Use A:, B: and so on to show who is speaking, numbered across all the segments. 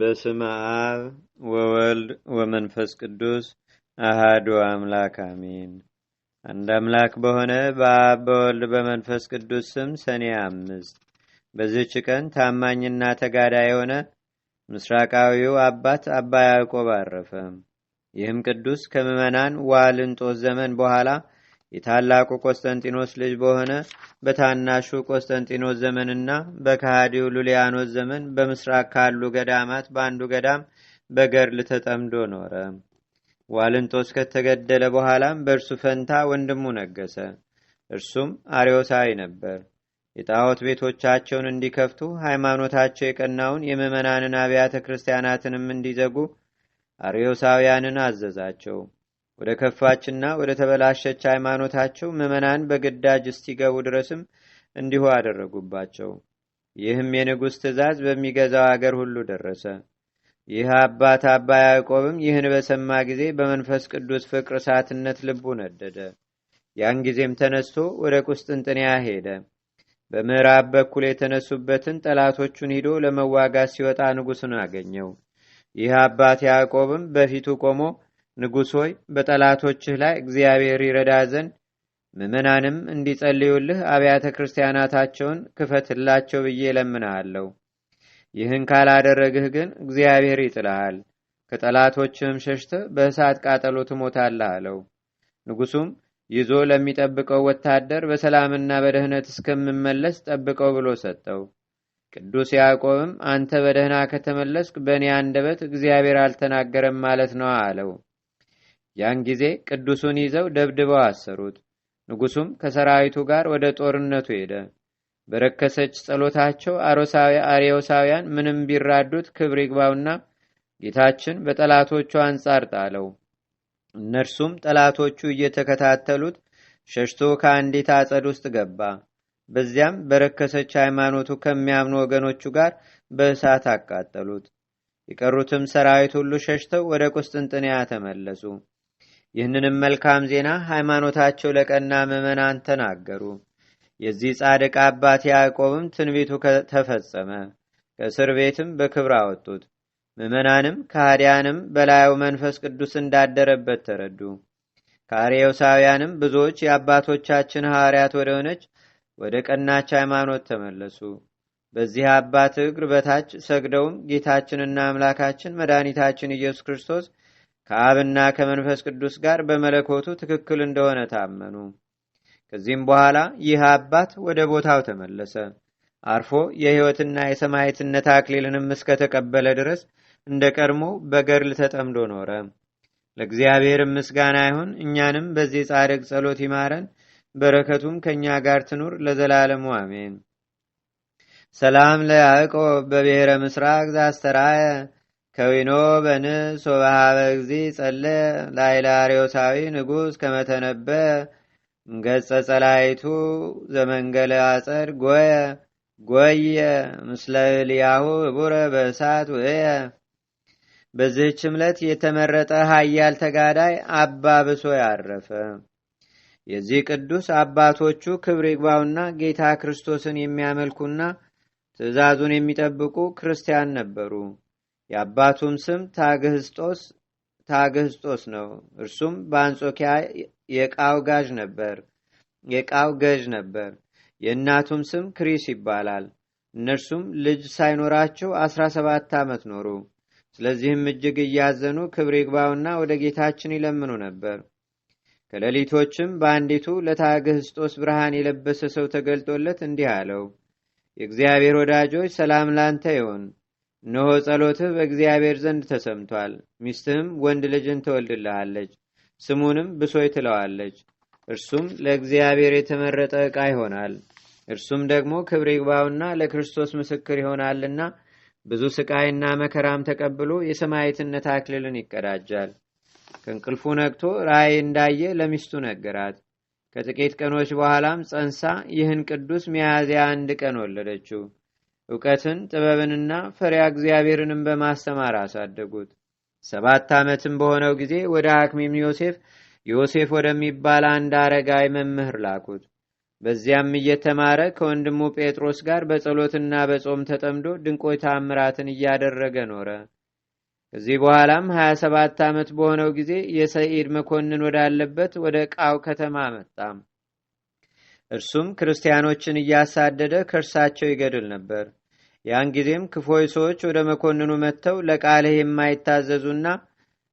A: በስም አብ ወወልድ ወመንፈስ ቅዱስ አሃዱ አምላክ አሜን። አንድ አምላክ በሆነ በአብ በወልድ በመንፈስ ቅዱስ ስም ሰኔ አምስት በዚህች ቀን ታማኝና ተጋዳ የሆነ ምስራቃዊው አባት አባ ያዕቆብ አረፈ። ይህም ቅዱስ ከምዕመናን ዋልንጦስ ዘመን በኋላ የታላቁ ቆስጠንጢኖስ ልጅ በሆነ በታናሹ ቆስጠንጢኖስ ዘመንና በካሃዲው ሉሊያኖስ ዘመን በምስራቅ ካሉ ገዳማት በአንዱ ገዳም በገርል ተጠምዶ ኖረ። ዋልንጦስ ከተገደለ በኋላም በእርሱ ፈንታ ወንድሙ ነገሰ። እርሱም አርዮሳዊ ነበር። የጣዖት ቤቶቻቸውን እንዲከፍቱ ሃይማኖታቸው የቀናውን የምዕመናንን አብያተ ክርስቲያናትንም እንዲዘጉ አርዮሳውያንን አዘዛቸው። ወደ ከፋችና ወደ ተበላሸች ሃይማኖታቸው ምዕመናን በግዳጅ እስቲገቡ ድረስም እንዲሁ አደረጉባቸው። ይህም የንጉሥ ትእዛዝ በሚገዛው አገር ሁሉ ደረሰ። ይህ አባት አባ ያዕቆብም ይህን በሰማ ጊዜ በመንፈስ ቅዱስ ፍቅር እሳትነት ልቡ ነደደ። ያን ጊዜም ተነስቶ ወደ ቁስጥንጥንያ ሄደ። በምዕራብ በኩል የተነሱበትን ጠላቶቹን ሂዶ ለመዋጋት ሲወጣ ንጉሥን አገኘው። ይህ አባት ያዕቆብም በፊቱ ቆሞ ንጉሥ ሆይ በጠላቶችህ ላይ እግዚአብሔር ይረዳ ዘንድ ምእመናንም እንዲጸልዩልህ አብያተ ክርስቲያናታቸውን ክፈትላቸው ብዬ እለምንሃለሁ። ይህን ካላደረግህ ግን እግዚአብሔር ይጥልሃል፣ ከጠላቶችህም ሸሽተ በእሳት ቃጠሎ ትሞታለህ አለው። ንጉሡም ይዞ ለሚጠብቀው ወታደር በሰላምና በደህነት እስከምመለስ ጠብቀው ብሎ ሰጠው። ቅዱስ ያዕቆብም አንተ በደህና ከተመለስክ በእኔ አንደበት እግዚአብሔር አልተናገረም ማለት ነው አለው። ያን ጊዜ ቅዱሱን ይዘው ደብድበው አሰሩት። ንጉሱም ከሰራዊቱ ጋር ወደ ጦርነቱ ሄደ። በረከሰች ጸሎታቸው አርዮሳውያን ምንም ቢራዱት ክብር ይግባውና ጌታችን በጠላቶቹ አንጻር ጣለው። እነርሱም ጠላቶቹ እየተከታተሉት ሸሽቶ ከአንዲት አጸድ ውስጥ ገባ። በዚያም በረከሰች ሃይማኖቱ ከሚያምኑ ወገኖቹ ጋር በእሳት አቃጠሉት። የቀሩትም ሰራዊት ሁሉ ሸሽተው ወደ ቁስጥንጥንያ ተመለሱ። ይህንንም መልካም ዜና ሃይማኖታቸው ለቀና ምዕመናን ተናገሩ። የዚህ ጻድቅ አባት ያዕቆብም ትንቢቱ ተፈጸመ። ከእስር ቤትም በክብር አወጡት። ምዕመናንም ከሃዲያንም በላዩ መንፈስ ቅዱስ እንዳደረበት ተረዱ። ከአርዮሳውያንም ብዙዎች የአባቶቻችን ሐዋርያት ወደ ሆነች ወደ ቀናች ሃይማኖት ተመለሱ። በዚህ አባት እግር በታች ሰግደውም ጌታችንና አምላካችን መድኃኒታችን ኢየሱስ ክርስቶስ ከአብና ከመንፈስ ቅዱስ ጋር በመለኮቱ ትክክል እንደሆነ ታመኑ። ከዚህም በኋላ ይህ አባት ወደ ቦታው ተመለሰ። አርፎ የሕይወትና የሰማዕትነት አክሊልንም እስከተቀበለ ድረስ እንደ ቀድሞ በገድል ተጠምዶ ኖረ። ለእግዚአብሔር ምስጋና ይሁን። እኛንም በዚህ ጻድቅ ጸሎት ይማረን፣ በረከቱም ከእኛ ጋር ትኑር ለዘላለሙ አሜን። ሰላም ለያዕቆብ በብሔረ ምስራቅ ዛስተራየ ከዊኖ በንስ ወበሃበ እግዚ ጸለ ላይላሬዎሳዊ ንጉሥ ከመተነበ ገጸ ጸላይቱ ዘመንገለ አጸድ ጎየ ጎየ ምስለ ልያሁ እቡረ በእሳት ውእየ በዚህች ዕለት የተመረጠ ሀያል ተጋዳይ አባ ብሶ ያረፈ። የዚህ ቅዱስ አባቶቹ ክብር ይግባውና ጌታ ክርስቶስን የሚያመልኩና ትእዛዙን የሚጠብቁ ክርስቲያን ነበሩ። የአባቱም ስም ታግህስጦስ ነው። እርሱም በአንጾኪያ የቃው ጋዥ ነበር የቃው ገዥ ነበር። የእናቱም ስም ክሪስ ይባላል። እነርሱም ልጅ ሳይኖራቸው አስራ ሰባት ዓመት ኖሩ። ስለዚህም እጅግ እያዘኑ ክብር ይግባውና ወደ ጌታችን ይለምኑ ነበር። ከሌሊቶችም በአንዲቱ ለታግህስጦስ ብርሃን የለበሰ ሰው ተገልጦለት እንዲህ አለው፣ የእግዚአብሔር ወዳጆች ሰላም ላንተ ይሆን እነሆ ጸሎትህ በእግዚአብሔር ዘንድ ተሰምቷል። ሚስትህም ወንድ ልጅን ትወልድልሃለች፣ ስሙንም ብሶይ ትለዋለች። እርሱም ለእግዚአብሔር የተመረጠ ዕቃ ይሆናል። እርሱም ደግሞ ክብር ይግባውና ለክርስቶስ ምስክር ይሆናልና ብዙ ስቃይና መከራም ተቀብሎ የሰማይትነት አክልልን ይቀዳጃል። ከእንቅልፉ ነቅቶ ራእይ እንዳየ ለሚስቱ ነገራት። ከጥቂት ቀኖች በኋላም ጸንሳ ይህን ቅዱስ ሚያዝያ አንድ ቀን ወለደችው። እውቀትን ጥበብንና ፈሪያ እግዚአብሔርንም በማስተማር አሳደጉት። ሰባት ዓመትም በሆነው ጊዜ ወደ አክሚም ዮሴፍ ዮሴፍ ወደሚባል አንድ አረጋዊ መምህር ላኩት። በዚያም እየተማረ ከወንድሙ ጴጥሮስ ጋር በጸሎትና በጾም ተጠምዶ ድንቆይ ታምራትን እያደረገ ኖረ። ከዚህ በኋላም 27 ዓመት በሆነው ጊዜ የሰኢድ መኮንን ወዳለበት ወደ ቃው ከተማ መጣም። እርሱም ክርስቲያኖችን እያሳደደ ከእርሳቸው ይገድል ነበር። ያን ጊዜም ክፎይ ሰዎች ወደ መኮንኑ መጥተው ለቃልህ የማይታዘዙና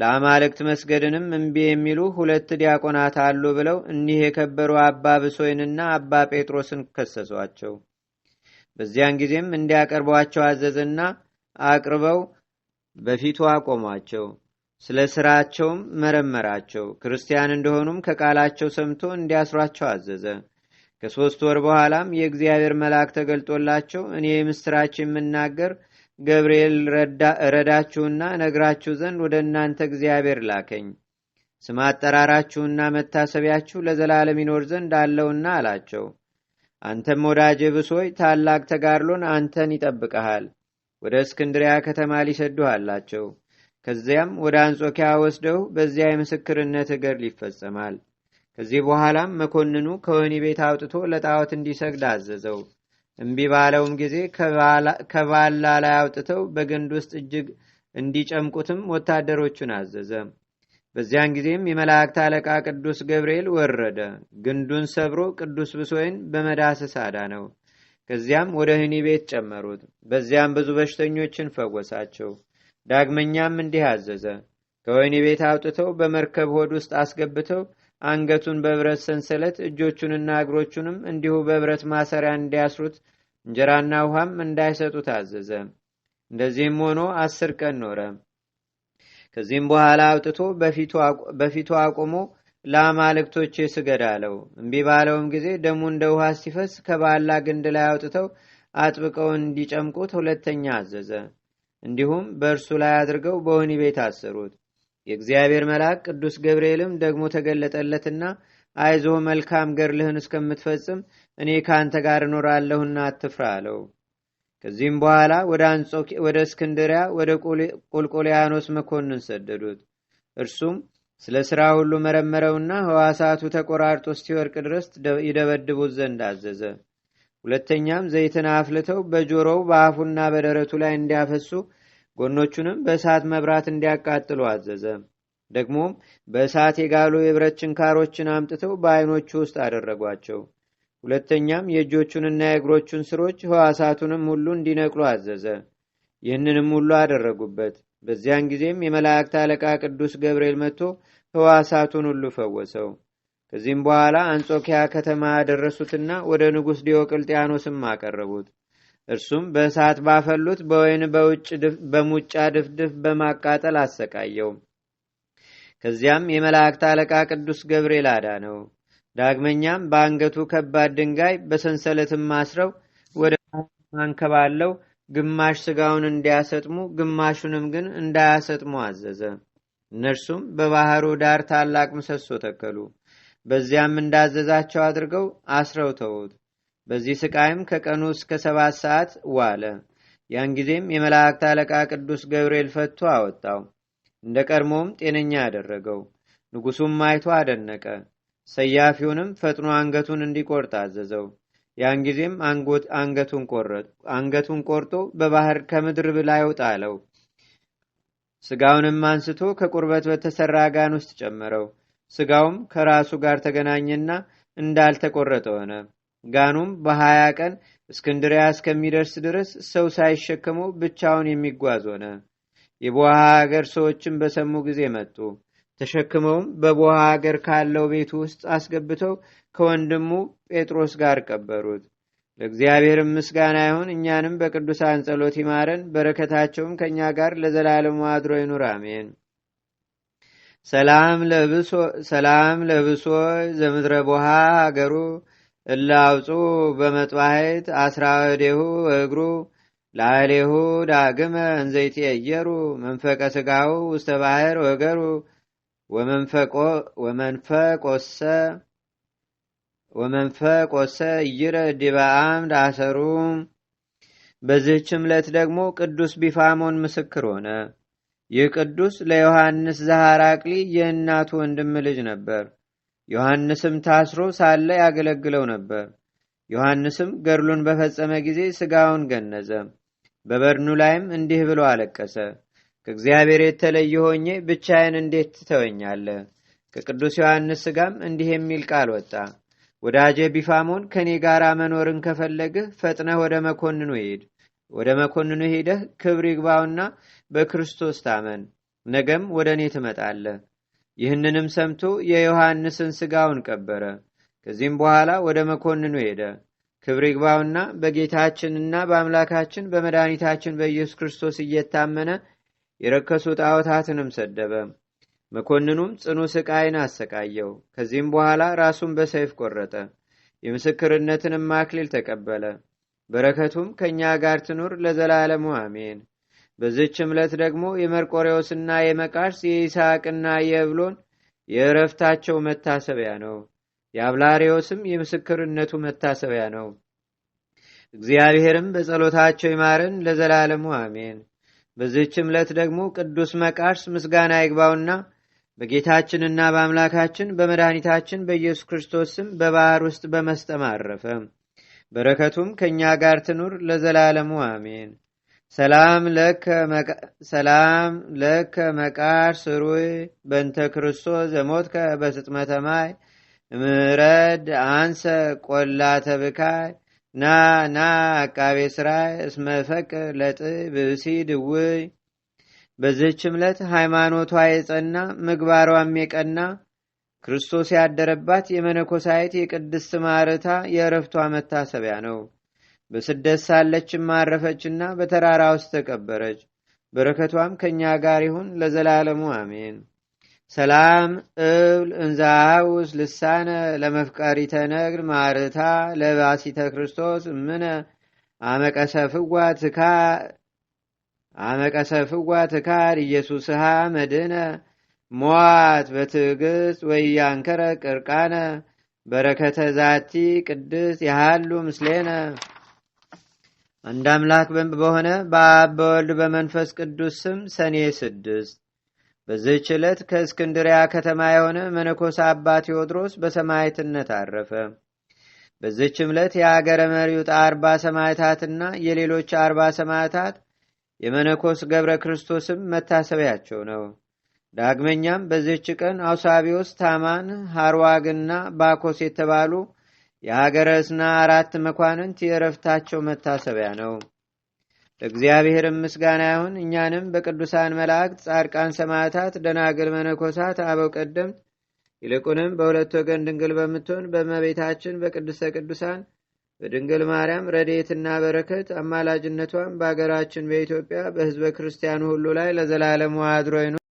A: ለአማልክት መስገድንም እምቢ የሚሉ ሁለት ዲያቆናት አሉ ብለው እኒህ የከበሩ አባ ብሶይንና አባ ጴጥሮስን ከሰሷቸው። በዚያን ጊዜም እንዲያቀርቧቸው አዘዝና አቅርበው በፊቱ አቆሟቸው። ስለ ስራቸውም መረመራቸው። ክርስቲያን እንደሆኑም ከቃላቸው ሰምቶ እንዲያስሯቸው አዘዘ። ከሦስት ወር በኋላም የእግዚአብሔር መልአክ ተገልጦላቸው እኔ የምስራች የምናገር ገብርኤል ረዳችሁና ነግራችሁ ዘንድ ወደ እናንተ እግዚአብሔር ላከኝ። ስም አጠራራችሁና መታሰቢያችሁ ለዘላለም ይኖር ዘንድ አለውና አላቸው። አንተም ወዳጄ ብሶይ ታላቅ ተጋድሎን አንተን ይጠብቀሃል። ወደ እስክንድሪያ ከተማ ሊሰዱህ አላቸው። ከዚያም ወደ አንጾኪያ ወስደው በዚያ የምስክርነት እገር ይፈጸማል። ከዚህ በኋላም መኮንኑ ከወኒ ቤት አውጥቶ ለጣዖት እንዲሰግድ አዘዘው። እምቢ ባለውም ጊዜ ከባላ ላይ አውጥተው በግንድ ውስጥ እጅግ እንዲጨምቁትም ወታደሮቹን አዘዘ። በዚያን ጊዜም የመላእክት አለቃ ቅዱስ ገብርኤል ወረደ። ግንዱን ሰብሮ ቅዱስ ብሶይን በመዳሰስ ነው። ከዚያም ወደ ህኒ ቤት ጨመሩት። በዚያም ብዙ በሽተኞችን ፈወሳቸው። ዳግመኛም እንዲህ አዘዘ። ከወኒ ቤት አውጥተው በመርከብ ሆድ ውስጥ አስገብተው አንገቱን በብረት ሰንሰለት እጆቹንና እግሮቹንም እንዲሁ በብረት ማሰሪያ እንዲያስሩት እንጀራና ውሃም እንዳይሰጡት አዘዘ እንደዚህም ሆኖ አስር ቀን ኖረ ከዚህም በኋላ አውጥቶ በፊቱ አቁሞ ለአማልክቶች ስገድ አለው እምቢ ባለውም ጊዜ ደሙ እንደ ውሃ ሲፈስ ከባላ ግንድ ላይ አውጥተው አጥብቀው እንዲጨምቁት ሁለተኛ አዘዘ እንዲሁም በእርሱ ላይ አድርገው በወህኒ ቤት አሰሩት የእግዚአብሔር መልአክ ቅዱስ ገብርኤልም ደግሞ ተገለጠለትና አይዞ መልካም ገርልህን እስከምትፈጽም እኔ ከአንተ ጋር እኖራለሁና አትፍራ አለው። ከዚህም በኋላ ወደ እስክንድሪያ ወደ ቆልቆሊያኖስ መኮንን ሰደዱት። እርሱም ስለ ሥራ ሁሉ መረመረውና ህዋሳቱ ተቆራርጦ እስቲወርቅ ድረስ ይደበድቡት ዘንድ አዘዘ። ሁለተኛም ዘይትን አፍልተው በጆሮው በአፉና በደረቱ ላይ እንዲያፈሱ ጎኖቹንም በእሳት መብራት እንዲያቃጥሉ አዘዘ። ደግሞም በእሳት የጋሉ የብረት ችንካሮችን አምጥተው በአይኖቹ ውስጥ አደረጓቸው። ሁለተኛም የእጆቹንና የእግሮቹን ስሮች ህዋሳቱንም ሁሉ እንዲነቅሉ አዘዘ። ይህንንም ሁሉ አደረጉበት። በዚያን ጊዜም የመላእክት አለቃ ቅዱስ ገብርኤል መጥቶ ህዋሳቱን ሁሉ ፈወሰው። ከዚህም በኋላ አንጾኪያ ከተማ ያደረሱትና ወደ ንጉሥ ዲዮቅልጥያኖስም አቀረቡት። እርሱም በእሳት ባፈሉት በወይን በሙጫ ድፍድፍ በማቃጠል አሰቃየው። ከዚያም የመላእክት አለቃ ቅዱስ ገብርኤል አዳ ነው። ዳግመኛም በአንገቱ ከባድ ድንጋይ በሰንሰለትም ማስረው ወደ ማንከባለው ግማሽ ስጋውን እንዲያሰጥሙ ግማሹንም ግን እንዳያሰጥሙ አዘዘ። እነርሱም በባህሩ ዳር ታላቅ ምሰሶ ተከሉ። በዚያም እንዳዘዛቸው አድርገው አስረው ተዉት። በዚህ ስቃይም ከቀኑ እስከ ሰባት ሰዓት ዋለ። ያን ጊዜም የመላእክት አለቃ ቅዱስ ገብርኤል ፈቶ አወጣው፣ እንደ ቀድሞም ጤነኛ አደረገው። ንጉሱም አይቶ አደነቀ። ሰያፊውንም ፈጥኖ አንገቱን እንዲቆርጥ አዘዘው። ያን ጊዜም አንገቱን ቆርጦ በባህር ከምድር ብላይ ውጣለው። ስጋውንም አንስቶ ከቁርበት በተሰራ ጋን ውስጥ ጨመረው። ስጋውም ከራሱ ጋር ተገናኘና እንዳልተቆረጠ ሆነ። ጋኑም በሀያ ቀን እስክንድሪያ እስከሚደርስ ድረስ ሰው ሳይሸከመው ብቻውን የሚጓዝ ሆነ። የቦሃ ሀገር ሰዎችም በሰሙ ጊዜ መጡ። ተሸክመውም በቦሃ ሀገር ካለው ቤት ውስጥ አስገብተው ከወንድሙ ጴጥሮስ ጋር ቀበሩት። ለእግዚአብሔር ምስጋና ይሁን፣ እኛንም በቅዱሳን ጸሎት ይማረን፣ በረከታቸውም ከእኛ ጋር ለዘላለሙ አድሮ ይኑር፣ አሜን። ሰላም ለብሶ ዘምድረ ቦሃ ሀገሩ እላውፁ በመጥባሕት አስራዴሁ እግሩ ላሌሁ ዳግመ እንዘይትየየሩ መንፈቀ ስጋው ውስተ ባህር ወገሩ ወመንፈቅ ወሰ እይረ ዲበአም ዳሰሩ በዚህች ዕለት ደግሞ ቅዱስ ቢፋሞን ምስክር ሆነ። ይህ ቅዱስ ለዮሐንስ ዘሐራቅሊ የእናቱ ወንድም ልጅ ነበር። ዮሐንስም ታስሮ ሳለ ያገለግለው ነበር። ዮሐንስም ገድሉን በፈጸመ ጊዜ ሥጋውን ገነዘ። በበድኑ ላይም እንዲህ ብሎ አለቀሰ። ከእግዚአብሔር የተለየ ሆኜ ብቻዬን እንዴት ትተወኛለህ? ከቅዱስ ዮሐንስ ሥጋም እንዲህ የሚል ቃል ወጣ። ወዳጄ ቢፋሞን ከእኔ ጋር መኖርን ከፈለግህ ፈጥነህ ወደ መኮንኑ ሂድ። ወደ መኮንኑ ሄደህ ክብር ይግባውና በክርስቶስ ታመን። ነገም ወደ እኔ ትመጣለህ ይህንንም ሰምቶ የዮሐንስን ስጋውን ቀበረ። ከዚህም በኋላ ወደ መኮንኑ ሄደ። ክብር ይግባውና በጌታችንና በአምላካችን በመድኃኒታችን በኢየሱስ ክርስቶስ እየታመነ የረከሱ ጣዖታትንም ሰደበ። መኮንኑም ጽኑ ስቃይን አሰቃየው። ከዚህም በኋላ ራሱን በሰይፍ ቆረጠ። የምስክርነትንም አክሊል ተቀበለ። በረከቱም ከእኛ ጋር ትኑር ለዘላለሙ አሜን። በዝች ምለት ደግሞ የመርቆሬዎስና የመቃርስ የይስሐቅና የብሎን የእረፍታቸው መታሰቢያ ነው። የአብላሪዎስም የምስክርነቱ መታሰቢያ ነው። እግዚአብሔርም በጸሎታቸው ይማረን ለዘላለሙ አሜን። በዝች ምለት ደግሞ ቅዱስ መቃርስ ምስጋና ይግባውና በጌታችንና በአምላካችን በመድኃኒታችን በኢየሱስ ክርስቶስ በባህር ውስጥ በመስጠም አረፈ። በረከቱም ከእኛ ጋር ትኑር ለዘላለሙ አሜን። ሰላም ለከ መቃር ስሩይ በንተ ክርስቶስ ዘሞትከ በስጥመተ ማይ ምረድ አንሰ ቆላ ተብካይ ና ና አቃቤ ስራይ እስመፈቅ ለጥ ብእሲ ድውይ በዚህች ዕለት ሃይማኖቷ የጸና ምግባሯም የቀና ክርስቶስ ያደረባት የመነኮሳይት የቅድስት ማርታ የእረፍቷ መታሰቢያ ነው። በስደት ሳለችም አረፈችና በተራራ ውስጥ ተቀበረች። በረከቷም ከእኛ ጋር ይሁን ለዘላለሙ አሜን። ሰላም እብል እንዛውስ ልሳነ ለመፍቀሪ ተነግር ማርታ ለባሲተ ክርስቶስ እምነ አመቀሰፍዋ ትካር ኢየሱስሃ መድነ ሞዋት በትዕግሥት ወያንከረ ቅርቃነ በረከተ ዛቲ ቅድስት ያሃሉ ምስሌነ አንድ አምላክ በሆነ በአብ በወልድ በመንፈስ ቅዱስ ስም ሰኔ ስድስት በዚህች ዕለት ከእስክንድሪያ ከተማ የሆነ መነኮስ አባ ቴዎድሮስ በሰማይትነት አረፈ። በዚህች ዕለት የአገረ መሪውጣ አርባ ሰማዕታትና የሌሎች አርባ ሰማዕታት የመነኮስ ገብረ ክርስቶስም መታሰቢያቸው ነው። ዳግመኛም በዚህች ቀን አውሳቢዎስ፣ ታማን፣ ሃርዋግና ባኮስ የተባሉ የሀገረ እስና አራት መኳንንት የእረፍታቸው መታሰቢያ ነው። ለእግዚአብሔርም ምስጋና ይሁን። እኛንም በቅዱሳን መላእክት፣ ጻድቃን፣ ሰማዕታት፣ ደናግል፣ መነኮሳት፣ አበው ቀደምት ይልቁንም በሁለት ወገን ድንግል በምትሆን በእመቤታችን በቅድስተ ቅዱሳን በድንግል ማርያም ረድኤትና በረከት አማላጅነቷን በአገራችን በኢትዮጵያ በሕዝበ ክርስቲያኑ ሁሉ ላይ ለዘላለሙ አድሮ ይኑር።